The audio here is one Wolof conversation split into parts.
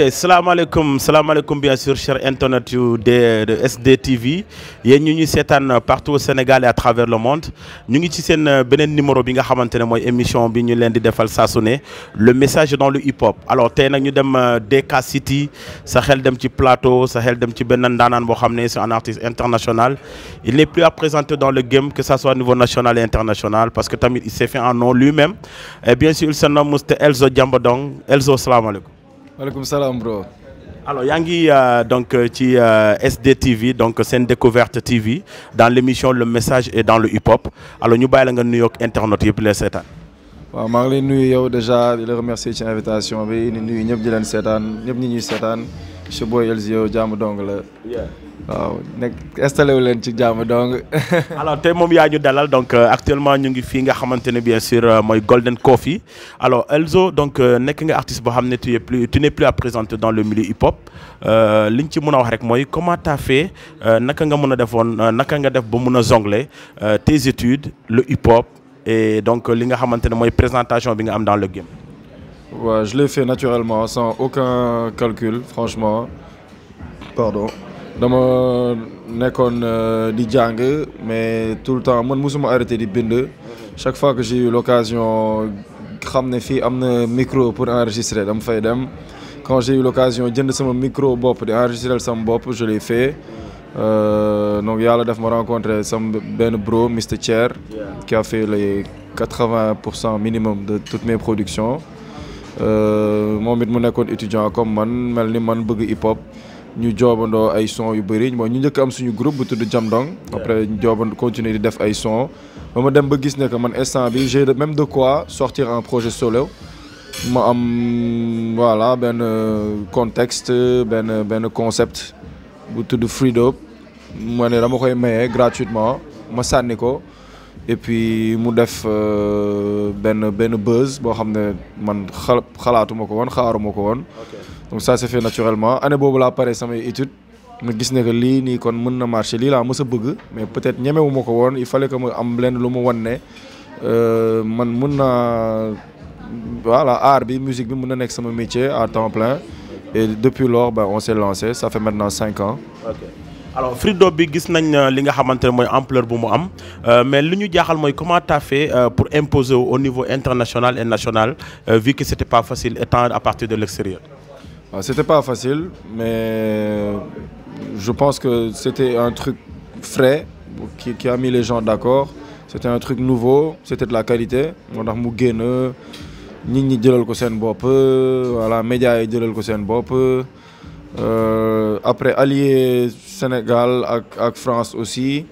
ok Salam alaikum bien sûr chers internet de de SDTV Nous ñu partout au Sénégal et à travers le monde ñu ngi ci seen euh, numéro bi nga émission bi ñu leen di le message dans le hip hop alors tey nag ñu dem euh, DK City sa xel dem ci plateau sa xel dem ci benn ndaanaan c'est un artiste international il n'est plus à présenter dans le game que ça soit au niveau national et international parce que tamit il s'est fait un nom lui-même et bien sûr il se nomme Elzo Jambadong Elzo maaleykum salam bro. alors Yangi ngi euh, donc euh, ci euh, SDTV donc une découverte TV dans l'émission, le message et dans le hip hop alors ñu bàyyi la nga nuyoog internet yëpp les seetaan. waaw maa ngi lay nuyu yow déjà di la remercier ci invitation bi ni nuyu ñëpp di leen seetaan ñëpp ñi ñuy seetaan monsieur Boy Elzio jaamu dong la waaw nek installé leen ci jàmm donc. alors tey moom yaa ñu dalal donc euh, actuellement ñu ngi fii nga xamante ne bien sûr euh, mooy Golden Coffee alors Elzo donc euh, nekk nga artiste boo xam ne tu es plus tu n'es plus à présenter dans le milieu hip hop li ñu ci mën a wax rek mooy comment t'as fait naka nga mën a defoon naka nga def ba mën a jongler tes études le hip hop et donc li nga xamante ne mooy présentation bi nga am dans le game. ouais je l'ai fait naturellement sans aucun calcul franchement pardon dama nekkoon euh, di jàng mais tout le temps man musuma arrêté di bind chaque fois que j'ai eu l'occasion xam ne fii micro pour enregistrer dama fay dem quand j'ai eu l'occasion jënd sama micro bopp di enregistrer sama bopp je l'ai fait euh, donc yàlla daf ma rencontré sama benn bro Mr Thier qui a fait les 80 minimum de toutes mes productions euh, moom it mu nekkoon étudiant comme man mel ni man bëgg hip hop ñu jobando ay son yu bëri mo ñu ñëk am suñu groupe bu tuddu Jamdong après ñu jobando continuer di def ay son ba ma dem ba gis ne que man instant bi j'ai même de quoi sortir un projet solo ma am voilà ben contexte ben ben concept bu tuddu Free Dope ma ne dama koy mayé gratuitement ma sanni ko et puis mu def ben ben buzz bo xam man xalatuma ko woon xaaruma ko woon donc ça s'est fait naturellement année suis la pare samay étude ma gis ne que li ni kon mën na marché lii laa mës mais peut-être ñemewu il fallait que je am lenn lu en train euh, man mën voilà art bi musique bi mën sama métier à temps plein et depuis lors ben, on s'est lancé ça fait maintenant cinq ans. alors Frido bi gis nañ euh, li nga ampleur euh, mais comment ñu tu fait pour imposer au niveau international et national vu que c'était pas facile étant à partir de l'extérieur. Ah, c'était pas facile, mais je pense que c'était un truc frais qui, a mis les gens d'accord. C'était un truc nouveau, c'était de la qualité. On a médias après allier Sénégal avec France aussi.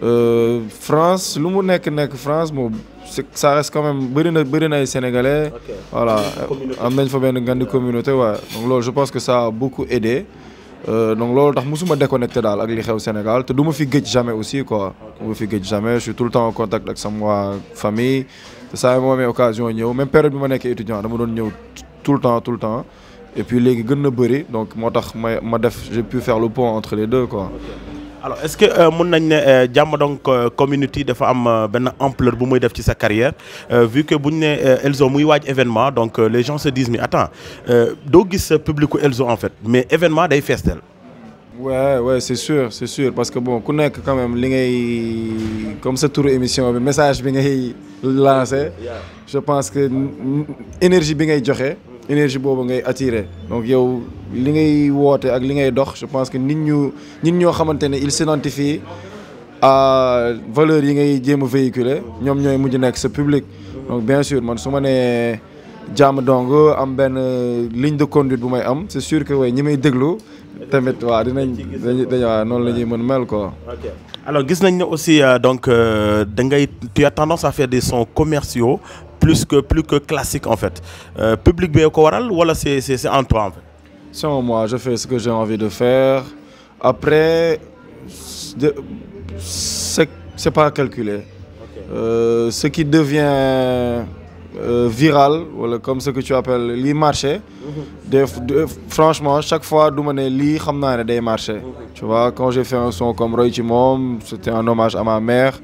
Euh, France lu mu nekk nekk France moom ça reste quand même bëri na bëri na ay sénégalais. voilà am nañ fa benn grande communauté waaye donc loolu je pense que ça a beaucoup aidé euh, donc loolu tax musuma déconnecté daal ak li xew Sénégal te du ma fi géej jamais aussi quoi. du ma fi géej jamais je suis tout le temps en contact ak sama famille te saa moo amee occasion ñëw même période bi ma nekkee étudiant dama doon ñëw tout le temps tout le temps et puis léegi gën na bëri donc moo tax ma ma def j'ai pu faire le pont entre les deux quoi alors est-ce que euh, mon nañ ne euh, donc euh, community dafa am ben ampleur bu muy def sa carrière vu que bu elles ont Elzo muy événement donc les gens se disent mais attends public gis elles ont en fait mais événement day feestel ouais ouais c'est sûr c'est sûr parce que bon ku quand même li comme sa tour émission bi message bi lancé je pense que énergie bi ngay énergie boobu ngay attirer donc yow li ngay woté ak li ngay dox je pense que nit ñu nit ñoo xamante ne il s'identifie à valeur yi ngay jëm véhiculer ñom ñoy muju nek ce public donc bien sûr man suma né jam jàmm dong am ben ligne de conduite bu may am c'est sûr que way ñi may déglu tamit wa dinañ dañ wa non lañuy ñuy mën mel quoi alors gis nañ ne aussi euh, donc euh, da ngay tu as tendance à faire des sons commerciaux plus que plus que classique en fait euh, public bien ko waral wala c'est c'est en toi en fait. selon moi je fais ce que j'ai envie de faire après c'est pas calculé. Euh, ce qui devient euh, viral voilà comme ce que tu appelles les marché. Mm-hmm. franchement chaque fois que li ne lii des marchés mm-hmm. tu vois quand j'ai fait un son comme Roy Timom, c'était un hommage à ma mère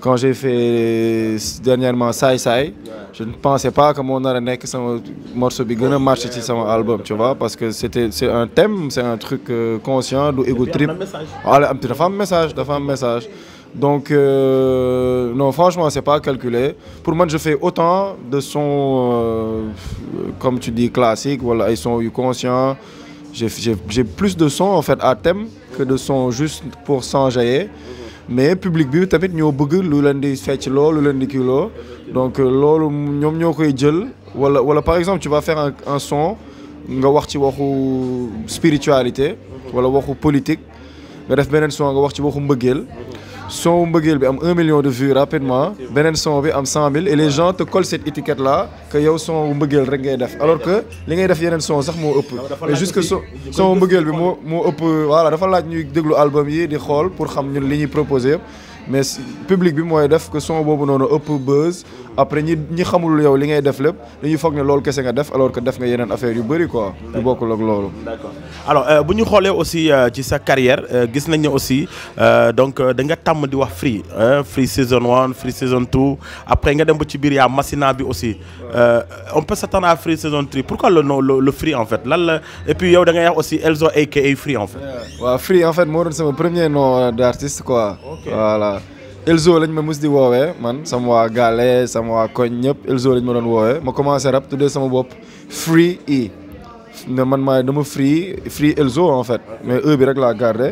quand j'ai fait dernièrement Sai Sai, je ne pensais pas que mon arène que son morceau marche sur album, tu vois, parce que c'était c'est un thème, c'est un truc euh, conscient du ego trip. un message, de message. Donc euh, non, franchement, c'est pas calculé. Pour moi, je fais autant de sons euh, comme tu dis classiques, voilà, ils sont conscients. J'ai plus de sons en fait à thème que de sons juste pour s'enjailler mais public bi tamit ñoo bëgg lu leen di fecc loo lu leen di kii loo donc euh, loolu ñoom ñoo koy jël wala wala par exemple tu vas faire un, un son nga wax ci waxu spiritualité wala waxu politique nga def beneen son nga wax ci waxu mbëggeel son mbëggeel bi am 1 million de vues rapidement Benen son bi am 100 000 et les gens te collent cette étiquette là que yow son mbëggeel rek ngay def alors que li ngay def yenen son sax mo ëpp mais juste que son son bi mo mo ëpp voilà dafa laaj ñuy déglu album yi di xol pour xam ñun li ñuy proposer mais public bi moy def que son bobu noonu peu buzz après ñi ñi xamul yow li ngay def lépp dañuy que ne loolu kese nga def alors que def nga yenen affaire yu bëri quoi. yu bokul ak loolu. d'accord alors euh, bu ñu aussi euh, ci sa carrière euh, gis nañ ne aussi donc da nga tam di wax free hein, free Season 1, free Season 2. après nga dem ba ci biir ya Massina bi aussi on peut s'attendre à free Season 3, pourquoi le nom le free en fait lan et puis yow da ngay wax aussi Elzo aka free en fait. free en fait mo doon sama premier nom d'artiste quoi. voilà. Elzo lañ ma mus di woowee man sama waa gaale sama waa koñ ñëpp Elzo lañ ma doon woowee ma commencé rap tuddee sama bopp Free E ne man maay dama Free Free Elzo en fait mais E bi rek laa gardé.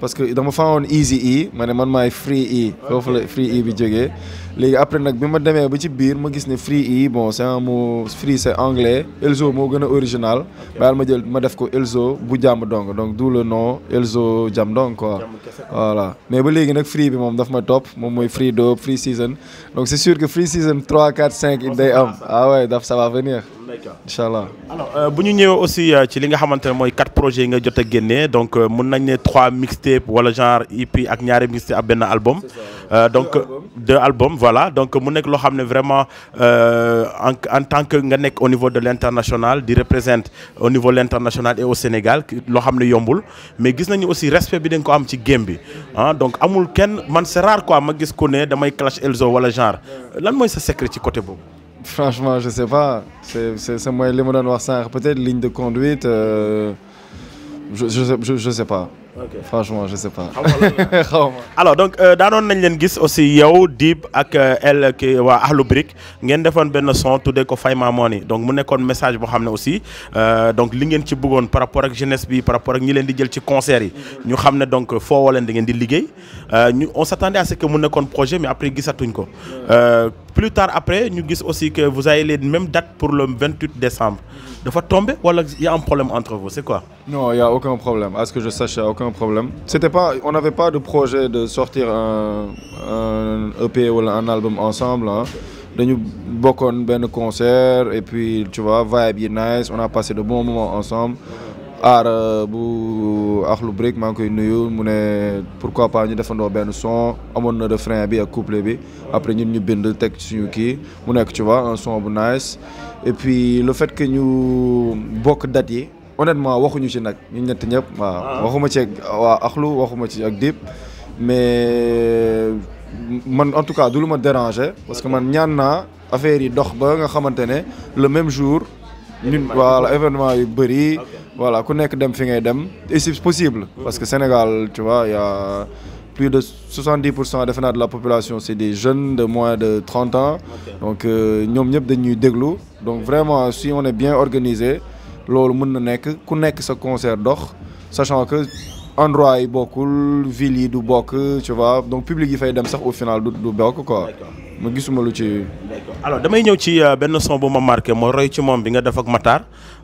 parce que dama faawoon easy E ma ne man maay free E foofu la free e bi jógee léegi après nag bi ma demee ba ci biir ma gis ne free E bon c'est un mot free c'est anglais Elzo moo gën a original baal ma jël ma def ko Elzo bu jàmm dong donc d'où le nom Elzo jàmm quoi voilà mais ba léegi nag free bi moom daf ma topp moom mooy free dope free season donc c'est sûr que free season 3 4 5 it day am ah ouais daf ça va venir Inshallah. allah alors euh, bu ñu ñëwee aussi euh, ci li nga xamante ne quatre projets yi nga jot a donc euh, mun nañ ne trois mixtape wala genre EP ak ñaari mixtape ak benn album. donc deux albums voilà donc mu nekk loo xam ne vraiment en en tant que nga nekk au niveau de l'international, international di représente au niveau l' international et au Sénégal loo xam ne yombul mais gis nañu aussi respect bi dañ ko am ci game bi ah donc amul kenn man c' rare quoi ma gis ko ne damay clash Elzo wala genre lan mooy sa secret ci côté boobu. Franchement, je sais pas. C'est moi, noirs Peut-être ligne de conduite. Euh, je, je, sais pas. Franchement, je sais pas. Alors donc euh, daanoon nañ gis aussi yow Dib ak elle, euh, Brick fait une benn son tuddee ko Fay Ma Money donc mu un message aussi donc li que ci par rapport la jeunesse par rapport à ñi di jël ci concert yi mm-hmm. donc on s'attendait à ce que mu un projet mais après un ko mm-hmm plus tard après nous disons aussi que vous avez les mêmes dates pour le 28 décembre fois tomber, ou il y a un problème entre vous c'est quoi non il y a aucun problème à ce que je sache il a aucun problème c'était pas on n'avait pas de projet de sortir un, EP ou un album ensemble hein. dañu de de concert et puis tu vois vibe est nice on a passé de bons moments ensemble aar euh, bu akhlu break, mang koy nuyu mu ne pourquoi pas ñu defando ben son amoon na refrain bi ak couplet bi après ñun ñu bind ci suñu ki mu nek tu vois un son bu nice et puis le fait que ñu bokk date yi honnêtement waxuñu ci nak ñun ñett ñep waaw ah. waxuma ci ak waa waxuma ci ak deep, mais man en tout cas du luma déranger parce que man ñaan affaire yi dox ba nga xamantene le même jour ñun voilà événement yu bëri voilà ku nekk dem fi ngay dem et c'est possible parce que Sénégal tu vois y a plus de 70 de la population c'est des jeunes de moins de 30 ans donc euh, ñoom ñëpp dañuy déglu donc vraiment si on est bien organisé loolu mën na nekk ku concert dox sachant que endroit yi bokkul ville yi du bokk tu vois donc public yi fay dem au final du ma lu ci. alors damay venu ci un euh, son bu ma marqué Je roy ci moom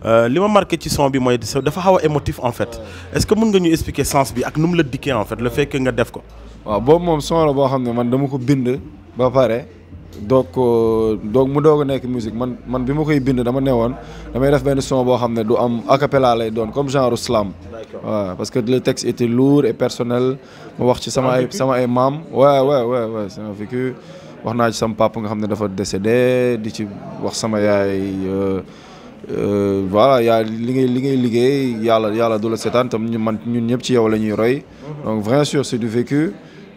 euh, marqué son dafa émotif en fait est-ce que mën nga ñu expliquer sens bi la en fait le fait que nga def son la dama ko bind ba Donc, musique man man dama son am comme slam. parce que le texte était lourd et personnel. sama sama c'est un vécu waxna ci sama papa nga xam dafa décédé di ci wax sama yaay euh, euh, voilà yaa li ngay li ngay liggéey yalla yalla dula sétane tam ñu man ñun ñëpp ci yow lañuy roy donc vraiment sûr c'est du vécu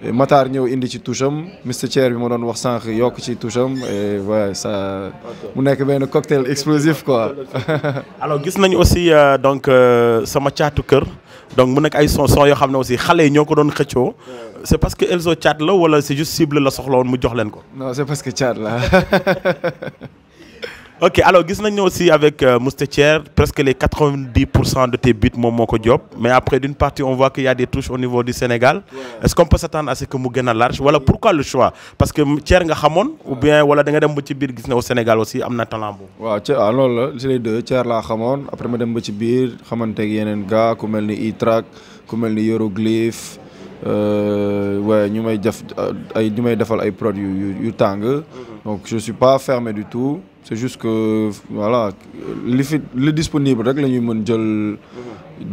et Matar ñëw indi ci toucham mr Mister bi mo doon wax sank yok ci toucham et voilà ça mu nek ben cocktail explosif quoi alors gis nañ aussi euh, donc sama caatu kër donc mon nekk ay son son yoo xam ne aussi xale yi ñoo ko doon xëccoo parce que elles Elzo Thiat la wala c' est juste cible la soxla woon mu jox leen ko. non c'est parce que chat la. ok alors gis nañu aussi avec euh, presque les 90 de tes buts Momoko moo job mais après d'une partie on voit qu'il y a des touches au niveau du Sénégal est-ce qu'on peut s'attendre à ce que mu gën large wala voilà, pourquoi le choix parce que Thier nga xamoon ou bien wala da nga dem ba ci au Sénégal aussi Amna na talent alors ah, c'est les deux Thier laa xamoon après ma dem ba ci biir xamante ak yeneen gars ku mel ni Itrac comme mel Euroglyph, Yoroglyph euh, waaye ñu may def ay ñu may defal ay produits yu yu donc je suis pas fermé du tout C'est juste que voilà le disponible rek la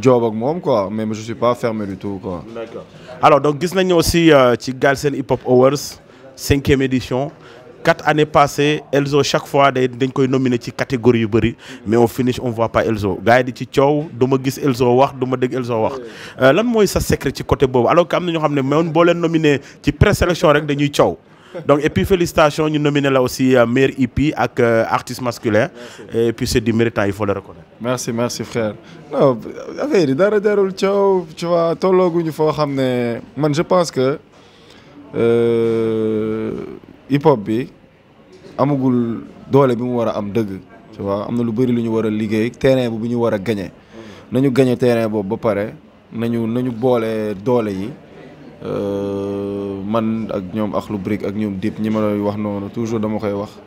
job ak moi, quoi mais je suis pas fermé du tout quoi. alors donc nous nañu aussi euh, ci Galsen Hip Hop Awards cinquième édition quatre années passées Elzo chaque fois des dañ koy nominé ci catégorie yu mais on finish on voit pas Elzo gars yi di ci coow du ma Elzo wax du Là dégg Elzo wax euh, lan mooy sa secret ci côté boobu alors que am na ñoo xam ne même boo ci présélection rek dañuy coow donc et puis félicitations ñu nominé la aussi meilleur EP ak euh, artiste masculin. Merci. et puis c'est du méritant il faut le reconnaître. merci merci frère non affaire yi dara jarul tu vois tollooguñu il faut ramener. man je pense que euh, hip hop bi amagul doole bi mu am tu vois am na lu bëri lu ñu war a terrain bu bu ñu war a gagné. Mm. nañu terrain boobu ba nañu nañu boole doole yi. Euh, man ak ñoom ak lu brique ak ñoom dip ñi ma lay wax noonu toujours dama koy wax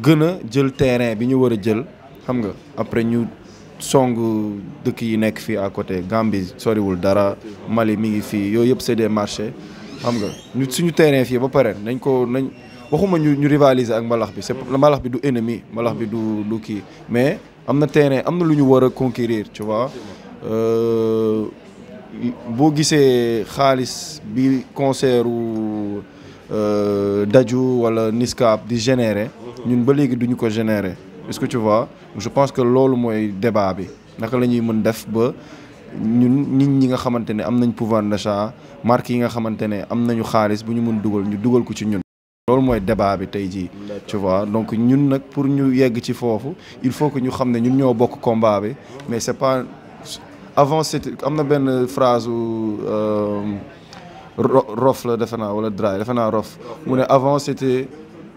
gën a jël terrain bi ñu war a jël xam nga après ñu song dëkk yi nekk fii à côté gambie soriwul dara mali mi ngi fii yooyu yëpp c' est des marchés xam nga ñu suñu terrain fii ba pare nañ ko nañ waxuma ñu ñu rivaliser ak malax bi c' est la malax bi du ennemi malax bi du du kii mais am terrain am lu ñu war conquérir tu vois euh, bo gisee khalis bi concert u euh, Dadju wala Niskaap di générer ñun ba légui duñ ko générer est-ce que tu vois je pense que lolu moy débat bi naka lañuy ñuy mën def ba ñun nit ñi nga xamantene am nañ pouvoir d'achat marque yi nga xamantene am nañu xaalis bu ñu mën dugal ñu duggal ko ci ñun lolu moy débat bi tay ji tu vois donc ñun nak pour ñu yegg ci fofu il faut que ñu xam ñun ño bok combat bi mais c'est pas avant c'était am une phrase euh, où rof la defe naa wala dry defe rof mu avant c'était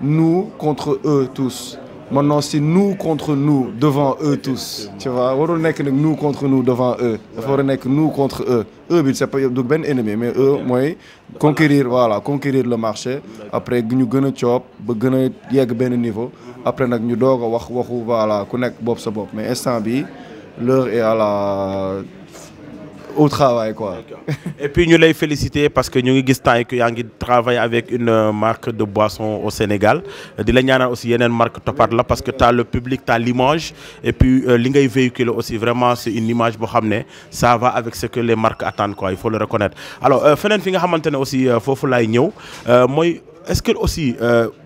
nous contre eux tous maintenant c'est nous contre nous devant eux tous tu vois warul nekk que nous contre nous devant eux dafa war a nous contre eux eux bi c'est pas du ben ennemi mais eux moi, conquérir voilà conquérir le marché après nous gën top, coob ba gën a yegg ben niveau après nous ñu doog a wax voilà ku bob sa bob. mais instant bi l'heure est à la au travail quoi. Et puis nous les féliciter parce que nous avons que yaa travaille avec une euh, marque de boisson au Sénégal di la ñaanal aussi une marque topat là parce que tu as le public tu as l'image et puis euh, li ngay véhiculer aussi vraiment c'est une image qui xamné ça va avec ce que les marques attendent quoi il faut le reconnaître alors euh, fenen fi nga xamantene aussi fofu lay ñëw moy est-ce que aussi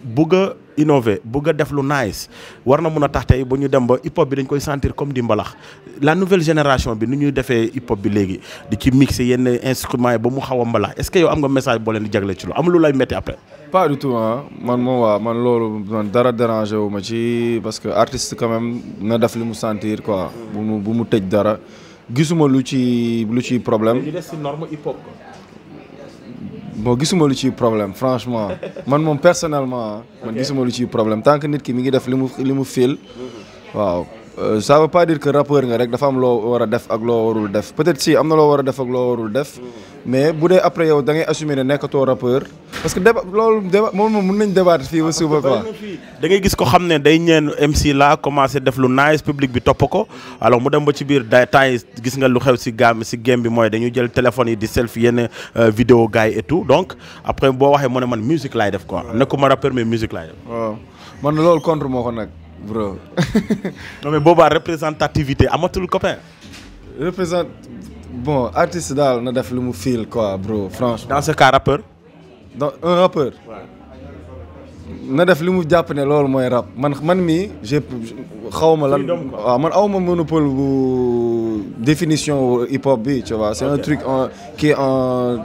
bëgg innover bëgg def lu nice war na mun a tax tey bu ñu dem ba hip hop bi dañ koy sentir comme di mbalax la nouvelle génération bi nu ñuy defee hip hop bi léegi di ci mixer yenn instruments yi ba mu xaw a mbalax est-ce que yow am nga message boo leen di jagle ci lu am lu lay métti après. pas du tout ah man moom waa man loolu man dara dérangé wu ma ci parce que artiste quand même na def li mu sentir quoi bu mu bu mu tëj dara gisuma lu ci lu ci problème. li des ci norme hip hop quoi. bon gisuma lu ciy problème franchement man moom personnellement man gisuma lu ciy problème tant que nit ki mi ngi def li mu li mu fil mhm. waaw Euh, ça veut pas dire que rappeur nga rek dafa am loo war a def ak loo warul def peut-être si am na loo war a def ak loo warul def mais bu dee après yow da ngay assumer ne nekkatoo rappeur parce que débat loolu débat moom moom mën nañ débattre fii ah, da ngay gis ko xam ne day ñeen MC la commencé def lu nice bi topp ko alors mu dem ba ci biir day temps gis nga lu xew si gaam si game bi mooy dañu jël téléphone yi di selfie yenn euh, vidéo gars yi et tout donc boo waxee mu ne man musique laay def ko nekkuma rappeur mais musique laay def. waaw man loolu contre moo ko nag. bro. non mais boba représentativité le copain. représent bon artiste dal na def lu mu quoi bro franchement. dans ce cas rappeur. dans un rappeur. na def li mu jàpp ne loolu mooy rap man man mi j'ai xaw lan. waaw man monopole bu définition hip hop bi tu vois c'est un truc qui est en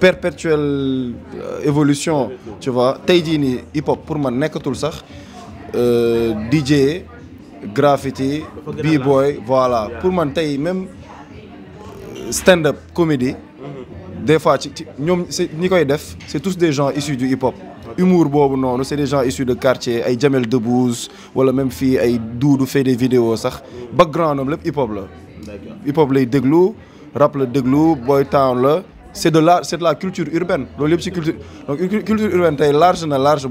perpétuelle euh, évolution tu vois Taïdini, hip hop pour tout le sax. Euh, DJ graffiti b-boy voilà pour moi, même euh, stand up comédie mm-hmm. des fois c'est tous des gens issus du hip hop. humour c'est des gens issus de quartier ay Jamel Debbouze wala même fille, ay Doudou fait des vidéos Le mm. background c'est hip hop là, hip hop lay déglou, rap de boy town c'est de la la culture urbaine Donc culture urbaine c'est large large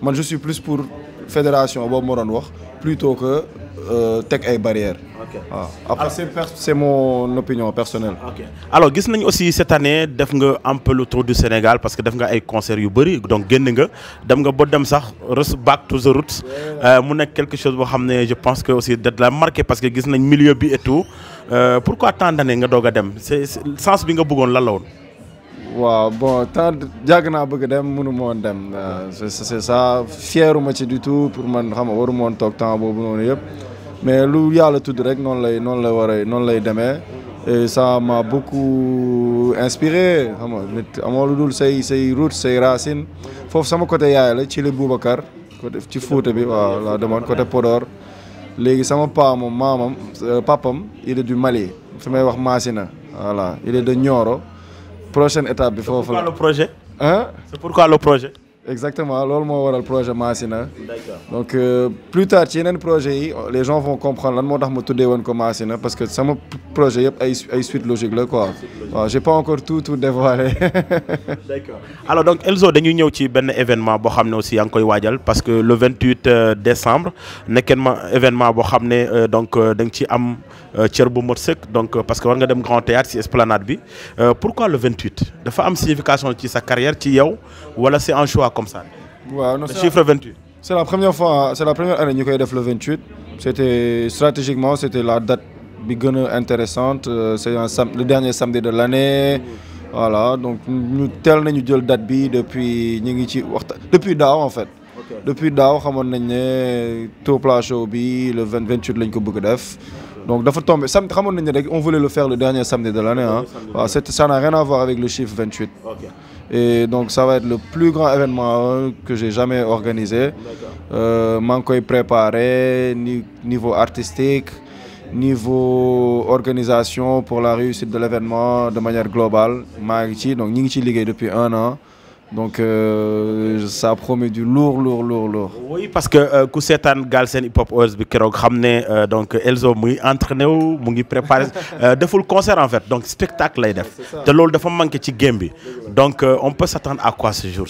moi je suis plus pour fédération boobu ma doon wax plutôt que euh, Tech ay barrières. ok Ah, c'est mon opinion personnelle. ok alors gis nañ aussi cette année def nga un peu le tour du Sénégal parce que def nga ay concerts yu bëri donc génn nga dem nga bo dem sax back to the roots euh, mu nekk quelque chose bo xamné je pense que aussi d'être la marqué parce que gis nañ milieu bi et tout euh, pourquoi tant d'années nga doga dem c'est sens bi nga bëggoon lan la waaw bon tant jàgg naa bëgg dem mënu moon dem euh, c'est ça fieruma ci du tout pour man xam nga waru moon toog temps boobu noonu yëpp mais lu yàlla tudd rek noonu lay noonu lay war a noonu lay demee et ça m'a beaucoup inspiré xam nga nit amoo lu dul say say route say racine foofu sama côté yaay la ci li Boubacar côté ci Fouta bi waaw la demoon côté Podor léegi sama paa moom maamam euh, papam il est du Mali fi may wax Maasina voilà il est de Nioro prochaine étape bi foofu la. c'est pourquoi le projet. hein c'est pourquoi le projet. Exactement, ce que le projet D'accord. donc euh, plus tard ci un projet les gens vont comprendre lan moo tax ma tuddee parce que c'est mon projet qui ay une suite logique Je n'ai pas encore tout tout dévoilé. d'accord alors donc Elzo dañuy un événement qui est aussi parce que le 28 euh, décembre nekkeen un événement qui est euh, donc am donc parce que war nga dem Grand Théâtre ci Esplanade bi pourquoi le 28 a une signification de sa carrière ci c'est un choix comme ça. le chiffre 28. C'est la première fois, c'est la première année que nous le 28. C'était stratégiquement, c'était la date intéressante. Euh, c'est le dernier samedi de l'année. Voilà, donc nous tel nañu date bi depuis depuis daaw en fait. Depuis daaw xamone nañ né tour plateau bi le 28 lañ ko bëgg Donc dafa tomber on voulait le faire le dernier samedi de l'année hein. ça n'a rien à voir avec le chiffre 28. Et donc ça va être le plus grand événement que j'ai jamais organisé. Euh, est préparé, niveau artistique, niveau organisation pour la réussite de l'événement de manière globale. Donc Ningchi Ligue depuis un an donc euh, ça promet du lourd lourd lourd lourd. oui parce que euh, ku seetaan Galsen Hip Hop Awards bi ramener euh, donc Elzo mu ngi entraîné wu De concert en fait donc spectacle lay def. te de dafa manque ci game donc on peut s'attendre à quoi ce jour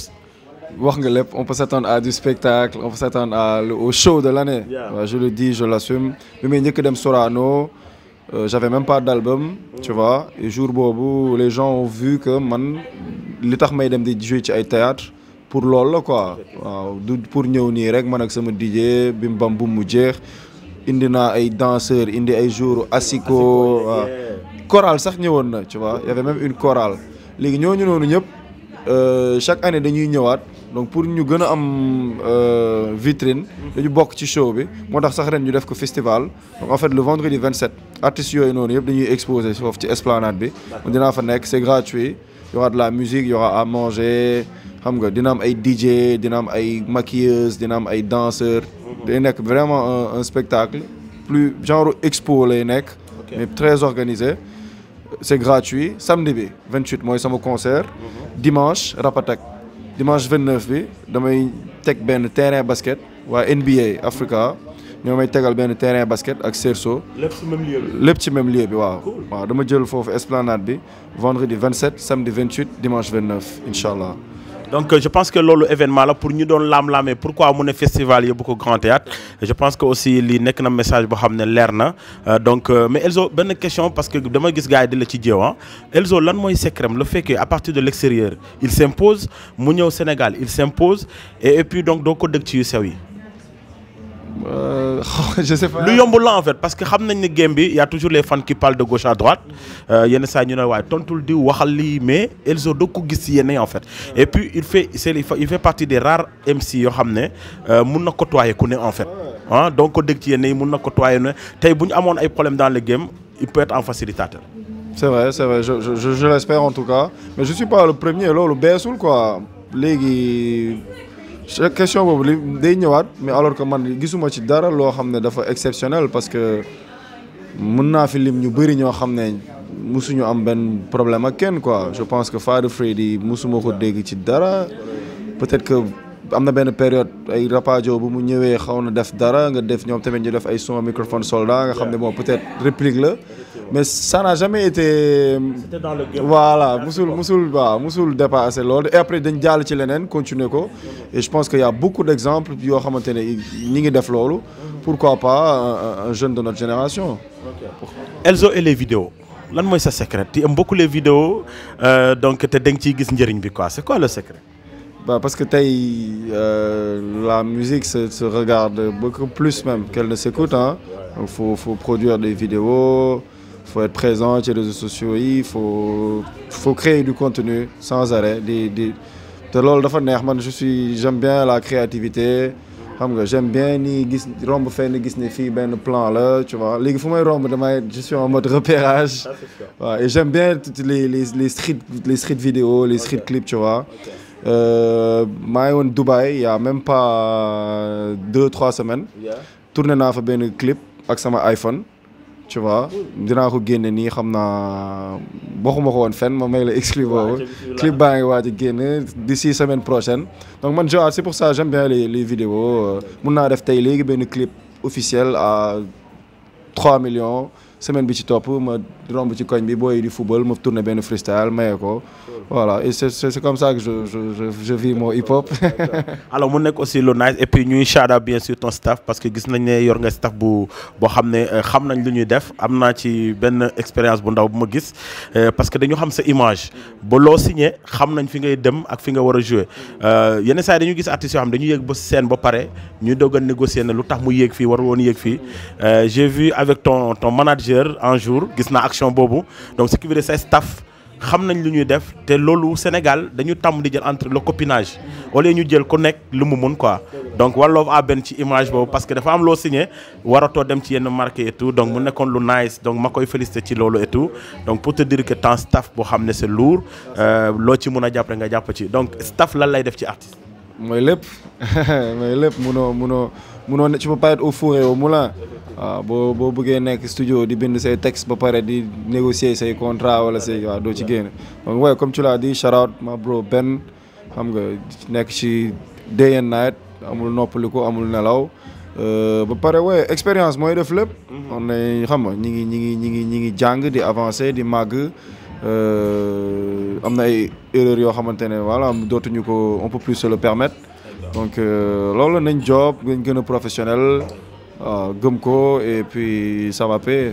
on peut s'attendre à du spectacle on peut s'attendre au show de l'année. je le dis je l'assume bi may que dem Sorano. Euh, j'avais même pas d'album, tu vois. Et jour bobo les gens ont vu que man, li may dem di jouer ci ay théâtre pour lolo quoi. pour nous nii rek man ak sama DJ bim bam bu mu jeex indi danseurs indi ay jour asiko chorale sax ñëwoon na tu vois Il y avait même une chorale léegi nous nous ñëpp euh, chaque année dañuy ñëwaat donc pour ñu gën a am euh, vitrine dañu bokk ci show bi Moi dans sax nous ñu def festival donc en fait le vendredi 27 artistes Yo exposés yëpp dañuy exposer ci esplanade bi fa c'est gratuit Il y aura de la musique il y aura à manger xam nga dina am ay DJ des am ay maquilleuse dina am ay mhm. day vraiment un spectacle plus genre expo lay mais très organisé c'est gratuit samedi bi 28 mooy sama concert mhm. dimanche Rapatak dimanche 29 bi damay teg benn terrain basket waa NBA Africa ñoo may tegal terrain basket ak Serso. lépp ci même lieu bi lépp même lieu bi waaw. waaw dama jël esplanade vendredi 27 samedi 28 dimanche 29 Inshallah donc euh, je pense que l'événement événement pour pour ñu l'âme l'âme mais pourquoi mon un festival est ko grand théâtre je pense que aussi y a un message pour l'air Mais donc euh, mais Elzo question parce que dama gis gars yi di la ci jéew ah secret le fait que à partir de l'extérieur, il s'impose mu au Sénégal il s'impose et puis donc donc ko a ci euh, je sais pas lu yombul en fait parce que xam nañ ne game bi y' a toujours les fans qui parlent de gauche à droite euh, yenn saa ñu ne waaye tontul di waxal li mais elles ont ko gis en fait. et puis il fait il fait il fait partie des rares MC yo xamné ne euh, mëna na côtoyer ku né en fait. hein donc ko dégg ci yéen yi mun na côtoyer ne tey bu ay problème dans le game il peut être un facilitateur. c'est vrai c'est vrai je je l'espère en tout cas mais je suis pas le premier là le beesul quoi les question boobu li day ñëwaat mais alors que man gisuma ci dara loo xam ne dafa exceptionnel parce que mun naa fi lim ñu bëri ñoo xam ne musuñu am benn problème ak kenn quoi je pense que Fada Freddy musuma ko dégg ci dara peut-être que y ben une période ay rapajo bu mu ñëwé xawna def dara nga def ñom tamit ñu def microphone soldat nga xam bon peut-être réplique mais ça n'a jamais été voilà musul musul ba musul dépassé et après dañ jall ci lenen continuer ko et je pense qu'il y a beaucoup d'exemples du des ñi ngi def pourquoi pas un jeune de notre génération Elzo et les vidéos lan moy sa secret tu aimes beaucoup les vidéos euh, donc te as ci gis bi quoi c'est quoi le secret bah, parce que euh, la musique se, regarde beaucoup plus même qu'elle ne s'écoute. Il hein. faut, produire des vidéos, il faut être présent sur les réseaux sociaux, il faut, faut créer du contenu sans arrêt. Des, Je suis, j'aime bien la créativité. J'aime bien les plan là, tu vois. Je suis en mode repérage. et j'aime bien les, les, les, street, les street vidéos, les street clips, tu vois. Je euh, suis Dubai, Dubaï a même pas deux trois semaines. tourner tourner un clip avec mon iPhone. tu vois to ko de je ko ma la clip semaine prochaine donc c'est pour ça j'aime bien les vidéos Je clip officiel à 3 millions semaine di romb ci koñ bi booy di football ma tourné ben freestyle mais quoi voilà et c'est c'est comme ça que je je je, je vis mon hip hop. alors mon nek aussi le nice et puis ñuy shout out bien sûr ton staff parce que gis nañ né yor nga staff bu bo xamné euh, xam nañ lu ñuy def amna ci ben expérience bu ndaw bu ma gis euh, parce que dañu xam sa image bo lo signé xam nañ fi ngay dem ak fi nga wara a jouer euh yene yi dañu gis artiste yoo xam dañu yegg ba scène ba paré ñu dogal négocier né lutax mu yegg fi war yegg fi euh j'ai vu avec ton ton manager un jour gis naa action bobo donc ce qui veut dire c'est staff xamnañ nañ lu ñuy def té lolu Sénégal dañu tam di jël entre le copinage au lieu ñu jël ku nek lu mu quoi donc walloof a ben ci image bobu parce que dafa am lo signé waratoo dem ci yenn marqué et tout donc mu nekkoon lu nice donc ma féliciter ci lolu et tout donc pour te dire que temps staff bo xamné c'est lourd euh, lo ci mëna japp jàpp nga japp ci donc staff lan lay def ci artiste mooy lépp mooy lépp munoo munoo munoo ne tu peux pas au four et au moulin boo boo bëggee nekk di bind say texte ba pare di négocier say contrat wala say doo ci génn waaye comme ci laa dit shout out benn xam nga nekk ci day and night amul noppaliku amul nelaw euh, ba pare ouais expérience mooy def lépp mhm. on xam nga ñi ngi ñi ngi ñi ngi ñi ngi jàng di avancer di màgg Euh, am na erreur yo xamantene voilà dootuñu ko on peut plus se le permettre donc euh, loolu nañ job nañ gën a professionnel euh, Gomko et puis ça va payer.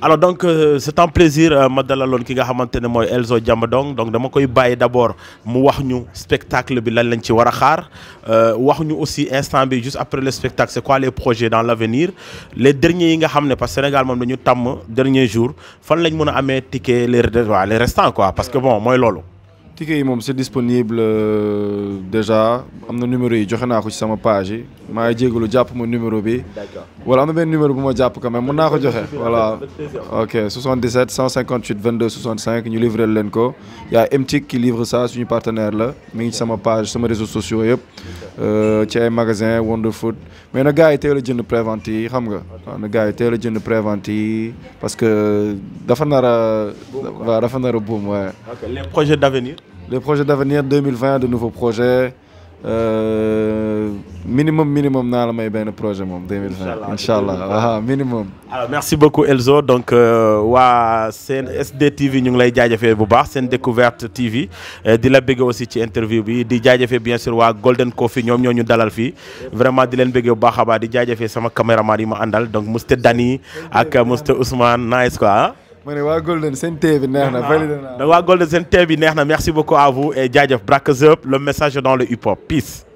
Alors donc euh, c'est un plaisir euh, madalalon dalaloon ki nga a ne moi Elzo Jamdong donc dama koy bàyyi d'abord mu wax ñu spectacle bi lan lañ ci war wax aussi instant bi juste après le spectacle c'est quoi les projets dans l'avenir les derniers yi nga parce que Sénégal moom dañu tam dernier jour fan lañ que les tickets les restants quoi parce que bon moi loolu. ticket yi moom c'est disponible déjà am na numéro yi joxe naa ko ma page je ngi jégalu mon numéro bi. Voilà, wala am numéro pour moi jàpp quand même voilà ok 77 158 22 65 ñu livré leen Il y a MTIC qui livre ça suñu partenaire la mi sur ci sama page mes réseaux sociaux y euh, a un magasin Wonder Food mais na gars yi teel a jënd prévente yi xam nga. na a des gens qui ont prévente yi parce que Il y a. waaw boom. nar les projets d'avenir les projets d'avenir 2020 de nouveaux projets. Euh, minimum minimum naa la may ben projet mom 2020 inshallah minimum alors merci beaucoup Elzo donc euh, wa seen SD TV ñu ngi lay jaajëfee bu baax sen découverte TV euh, di la bëggee aussi ci interview bi di jaajëfee bien sûr wa Golden Coffee ñom ñoo ñu dalal fi vraiment di len bëggee bu baax a di jaajëfee sama caméraman yi ma andal donc Muste Dani ak Muste Ousmane nice quoi hein? ma ne Golden seen tee bi neex na Golden seen tee bi merci beaucoup à vous et jaajëf Brakes Up le message dans le hip hop peace.